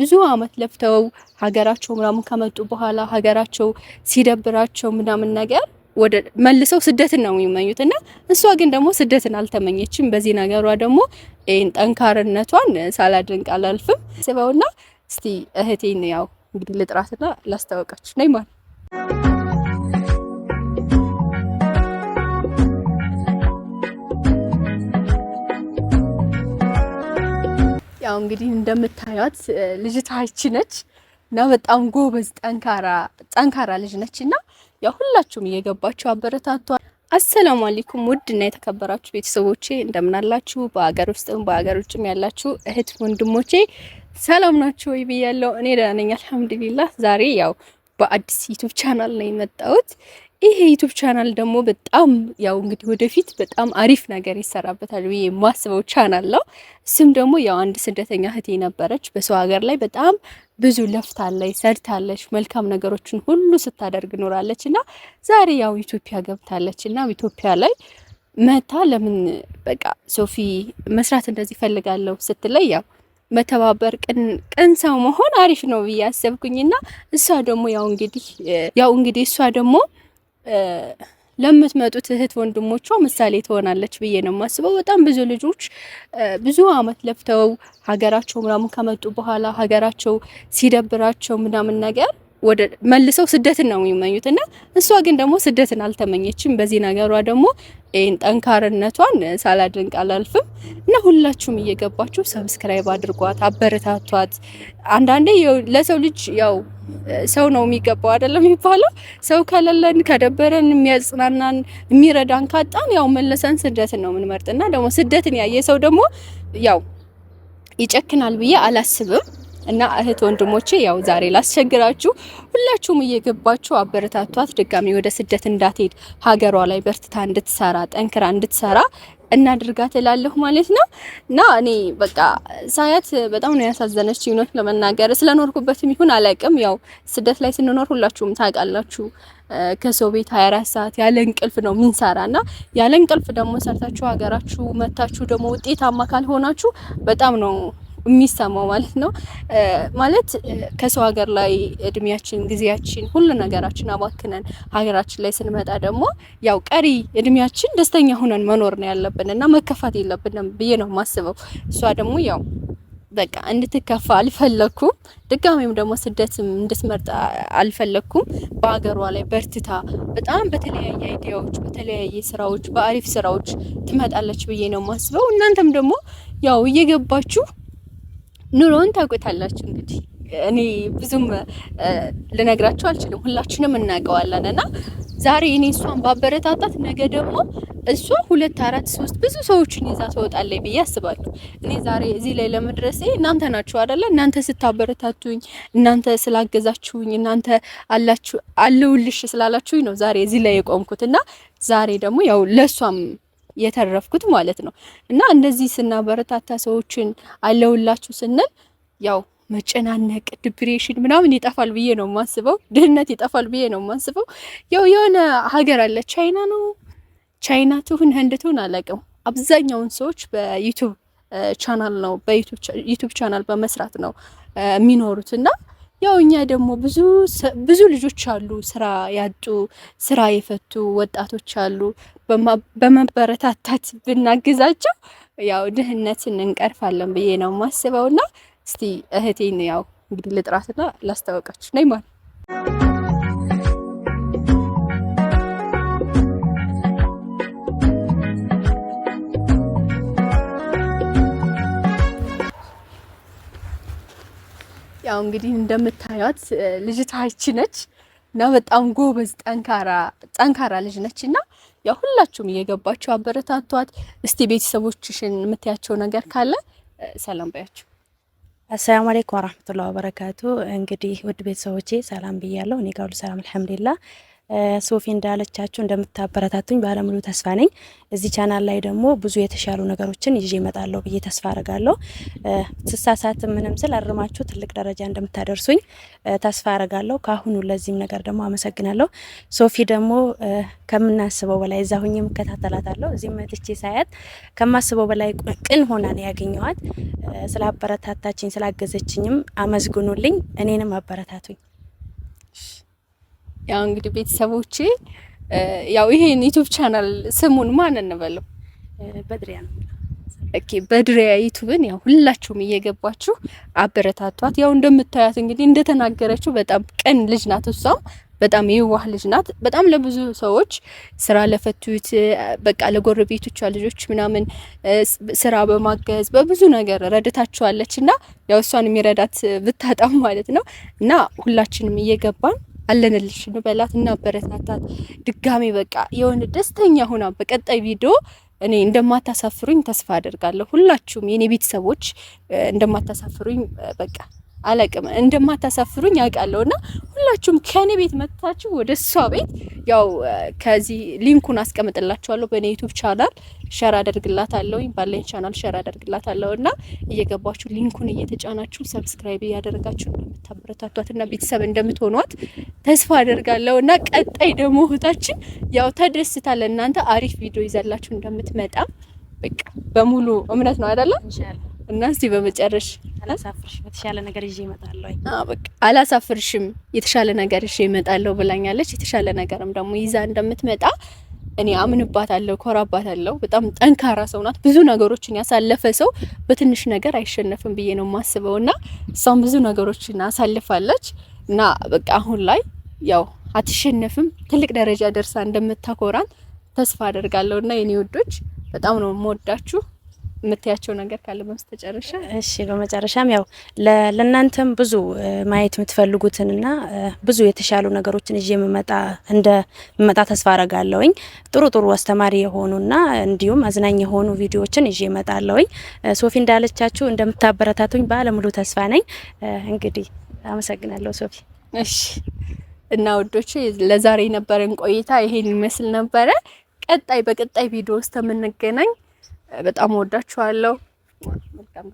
ብዙ አመት ለፍተው ሀገራቸው ምናምን ከመጡ በኋላ ሀገራቸው ሲደብራቸው ምናምን ነገር ወደ መልሰው ስደትን ነው የሚመኙት እና እሷ ግን ደግሞ ስደትን አልተመኘችም። በዚህ ነገሯ ደግሞ ይህን ጠንካርነቷን ሳላድንቅ አላልፍም። ስበውና እስቲ እህቴን ያው እንግዲህ ልጥራትና ላስታወቃችሁ ነይማል ማለት ያው እንግዲህ እንደምታዩት ልጅታችን ነች እና በጣም ጎበዝ ጠንካራ ጠንካራ ልጅ ነች እና ያው ሁላችሁም እየገባችሁ አበረታቷል። አሰላሙ አለይኩም ውድ እና የተከበራችሁ ቤተሰቦቼ እንደምን አላችሁ? በሀገር ውስጥም በሀገር ውጭም ያላችሁ እህት ወንድሞቼ ሰላም ናችሁ ወይ ብያለሁ። እኔ ደህና ነኝ አልሐምዱሊላህ። ዛሬ ያው በአዲስ ዩቱብ ቻናል ነው የመጣሁት። ይሄ ዩቱብ ቻናል ደግሞ በጣም ያው እንግዲህ ወደፊት በጣም አሪፍ ነገር ይሰራበታል ብዬ የማስበው ቻናል ነው። እሱም ደግሞ ያው አንድ ስደተኛ እህቴ ነበረች። በሰው ሀገር ላይ በጣም ብዙ ለፍታለች፣ ሰርታለች፣ መልካም ነገሮችን ሁሉ ስታደርግ ኖራለች እና ዛሬ ያው ኢትዮጵያ ገብታለች እና ኢትዮጵያ ላይ መታ ለምን በቃ ሶፊ መስራት እንደዚህ ፈልጋለሁ ስትለይ ያው መተባበር ቅን ሰው መሆን አሪፍ ነው ብዬ አሰብኩኝና እሷ ደግሞ ያው እንግዲህ ያው እንግዲህ እሷ ደግሞ ለምትመጡት እህት ወንድሞቿ ምሳሌ ትሆናለች ብዬ ነው የማስበው። በጣም ብዙ ልጆች ብዙ አመት ለፍተው ሀገራቸው ምናምን ከመጡ በኋላ ሀገራቸው ሲደብራቸው ምናምን ነገር ወደ መልሰው ስደትን ነው የሚመኙት እና እሷ ግን ደግሞ ስደትን አልተመኘችም። በዚህ ነገሯ ደግሞ ይህን ጠንካርነቷን ሳላድንቅ አላልፍም እና ሁላችሁም እየገባችሁ ሰብስክራይብ አድርጓት፣ አበረታቷት። አንዳንዴ ለሰው ልጅ ያው ሰው ነው የሚገባው አይደለም የሚባለው። ሰው ከሌለን፣ ከደበረን፣ የሚያጽናናን የሚረዳን ካጣን ያው መለሰን ስደትን ነው እና ደግሞ ስደትን ያየ ሰው ደግሞ ያው ይጨክናል ብዬ አላስብም። እና እህት ወንድሞቼ ያው ዛሬ ላስቸግራችሁ፣ ሁላችሁም እየገባችሁ አበረታቷት። ድጋሚ ወደ ስደት እንዳትሄድ ሀገሯ ላይ በርትታ እንድትሰራ ጠንክራ እንድትሰራ እናድርጋት እላለሁ ማለት ነው። እና እኔ በቃ ሳያት በጣም ነው ያሳዘነች። እውነት ለመናገር ስለኖርኩበትም ይሁን አላውቅም። ያው ስደት ላይ ስንኖር ሁላችሁም ታውቃላችሁ ከሰው ቤት 24 ሰዓት ያለ እንቅልፍ ነው ምንሰራ እና ያለ እንቅልፍ ደግሞ ሰርታችሁ ሀገራችሁ መታችሁ ደግሞ ውጤታማ ካልሆናችሁ በጣም ነው የሚሰማው ማለት ነው። ማለት ከሰው ሀገር ላይ እድሜያችን፣ ጊዜያችን፣ ሁሉ ነገራችን አባክነን ሀገራችን ላይ ስንመጣ ደግሞ ያው ቀሪ እድሜያችን ደስተኛ ሆነን መኖር ነው ያለብን እና መከፋት የለብንም ብዬ ነው የማስበው። እሷ ደግሞ ያው በቃ እንድትከፋ አልፈለኩም። ድጋሜም ደግሞ ስደትም እንድትመርጥ አልፈለኩም። በሀገሯ ላይ በርትታ በጣም በተለያየ አይዲያዎች፣ በተለያየ ስራዎች፣ በአሪፍ ስራዎች ትመጣለች ብዬ ነው የማስበው። እናንተም ደግሞ ያው እየገባችሁ ኑሮውን ታውቁታላችሁ እንግዲህ እኔ ብዙም ልነግራቸው አልችልም። ሁላችንም እናውቀዋለን እና ዛሬ እኔ እሷን ባበረታታት ነገ ደግሞ እሷ ሁለት አራት ሶስት ብዙ ሰዎችን ይዛ ትወጣለች ብዬ አስባለሁ። እኔ ዛሬ እዚህ ላይ ለመድረሴ እናንተ ናችሁ አይደለ? እናንተ ስታበረታቱኝ፣ እናንተ ስላገዛችሁኝ፣ እናንተ አላችሁ አለውልሽ ስላላችሁኝ ነው ዛሬ እዚህ ላይ የቆምኩት እና ዛሬ ደግሞ ያው ለእሷም የተረፍኩት ማለት ነው። እና እንደዚህ ስናበረታታ ሰዎችን አለውላችሁ ስንል ያው መጨናነቅ ዲፕሬሽን ምናምን ይጠፋል ብዬ ነው የማስበው። ድህነት ይጠፋል ብዬ ነው የማስበው። ያው የሆነ ሀገር አለ ቻይና ነው ቻይና ትሁን ህንድ ትሁን አላውቅም። አብዛኛውን ሰዎች በዩቱብ ቻናል ነው በዩቱብ ቻናል በመስራት ነው የሚኖሩት እና ያው እኛ ደግሞ ብዙ ብዙ ልጆች አሉ፣ ስራ ያጡ ስራ የፈቱ ወጣቶች አሉ። በመበረታታት ብናግዛቸው ያው ድህነትን እንቀርፋለን ብዬ ነው ማስበው። ና እስቲ እህቴን ያው እንግዲህ ልጥራትና ላስታወቃችሁ ነይ ማለት ያው እንግዲህ እንደምታዩት ልጅቷ ይቺ ነች እና በጣም ጎበዝ ጠንካራ ጠንካራ ልጅ ነች እና ያው ሁላችሁም እየገባችሁ አበረታቷት። እስቲ ቤተሰቦችሽን የምትያቸው ነገር ካለ ሰላም ባያችሁ። አሰላሙ አለይኩም ወራህመቱላሂ ወበረካቱ። እንግዲህ ውድ ቤተሰቦቼ ሰላም ብያለሁ። እኔ ጋር ሁሉ ሰላም አልሐምዱሊላህ። ሶፊ እንዳለቻችሁ እንደምታበረታቱኝ ባለሙሉ ተስፋ ነኝ። እዚህ ቻናል ላይ ደግሞ ብዙ የተሻሉ ነገሮችን ይዤ እመጣለሁ ብዬ ተስፋ አረጋለሁ። ስሳሳትም ምንም ስል አርማችሁ ትልቅ ደረጃ እንደምታደርሱኝ ተስፋ አረጋለሁ። ከአሁኑ ለዚህም ነገር ደግሞ አመሰግናለሁ። ሶፊ ደግሞ ከምናስበው በላይ እዛ ሁኜ እከታተላታለሁ። እዚህ መጥቼ ሳያት ከማስበው በላይ ቅን ሆና ነው ያገኘኋት። ስላገዘችኝም አመስግኑልኝ፣ እኔንም አበረታቱኝ። ያው እንግዲህ ቤተሰቦቼ ያው ይሄን ዩቲዩብ ቻናል ስሙን ማን እንበለው? በድሪያ ኦኬ በድሪያ ዩቲዩብን ያው ሁላችሁም እየገባችሁ አበረታቷት። ያው እንደምታያት እንግዲህ እንደተናገረችው በጣም ቀን ልጅ ናት እሷ በጣም የዋህ ልጅ ናት። በጣም ለብዙ ሰዎች ስራ ለፈቱት በቃ ለጎረቤቶቿ ልጆች ምናምን ስራ በማገዝ በብዙ ነገር ረድታችኋለች እና ያው እሷን የሚረዳት ብታጣም ማለት ነው እና ሁላችንም እየገባን አለንልሽ እንበላት እና አበረታታት። ድጋሜ በቃ የሆነ ደስተኛ ሆና በቀጣይ ቪዲዮ እኔ እንደማታሳፍሩኝ ተስፋ አደርጋለሁ። ሁላችሁም የኔ ቤተሰቦች እንደማታሳፍሩኝ በቃ አለቅም እንደማታሳፍሩኝ አውቃለሁ። እና ሁላችሁም ከኔ ቤት መጥታችሁ ወደ እሷ ቤት ያው ከዚህ ሊንኩን አስቀምጥላችኋለሁ በእኔ ዩቱብ ቻናል ሸር አደርግላታለሁ፣ ባለኝ ቻናል ሸር አደርግላታለሁ እና እየገባችሁ ሊንኩን እየተጫናችሁ ሰብስክራይብ እያደረጋችሁ እንደምታበረታቷት እና ቤተሰብ እንደምትሆኗት ተስፋ አደርጋለሁ እና ቀጣይ ደግሞ እህታችን ያው ተደስታ ለእናንተ አሪፍ ቪዲዮ ይዘላችሁ እንደምትመጣ በቃ በሙሉ እምነት ነው አይደለም። እና እስቲ በመጨረሽ አላሳፍርሽም፣ የተሻለ ነገር ይዤ እመጣለሁ። አዎ በቃ አላሳፍርሽም፣ የተሻለ ነገር ይዤ እመጣለሁ አዎ በቃ አላሳፍርሽም የተሻለ ነገር ብላኛለች የተሻለ ነገርም ደግሞ ይዛ እንደምትመጣ እኔ አምንባታለሁ፣ ኮራባታለሁ። በጣም ጠንካራ ሰው ናት። ብዙ ነገሮችን ያሳለፈ ሰው በትንሽ ነገር አይሸነፍም ብዬ ነው የማስበው እና እሷም ብዙ ነገሮችን አሳልፋለች እና በቃ አሁን ላይ ያው አትሸነፍም፣ ትልቅ ደረጃ ደርሳ እንደምታኮራን ተስፋ አደርጋለሁ እና የኔ ወዶች በጣም ነው የምወዳችሁ። የምትያቸው ነገር ካለ በመስተጨረሻ እሺ፣ በመጨረሻም ያው ለእናንተም ብዙ ማየት የምትፈልጉትንና ብዙ የተሻሉ ነገሮችን ይዤ የምመጣ እንደ መጣ ተስፋ አረጋለውኝ። ጥሩ ጥሩ አስተማሪ የሆኑና እንዲሁም አዝናኝ የሆኑ ቪዲዮዎችን ይዤ እመጣለሁኝ። ሶፊ እንዳለቻችሁ እንደምታበረታቱኝ ባለሙሉ ተስፋ ነኝ። እንግዲህ አመሰግናለሁ ሶፊ። እሺ እና ወዶች ለዛሬ የነበረን ቆይታ ይሄን ይመስል ነበረ። ቀጣይ በቀጣይ ቪዲዮ ውስጥ የምንገናኝ በጣም ወዳችኋለሁ። መልካም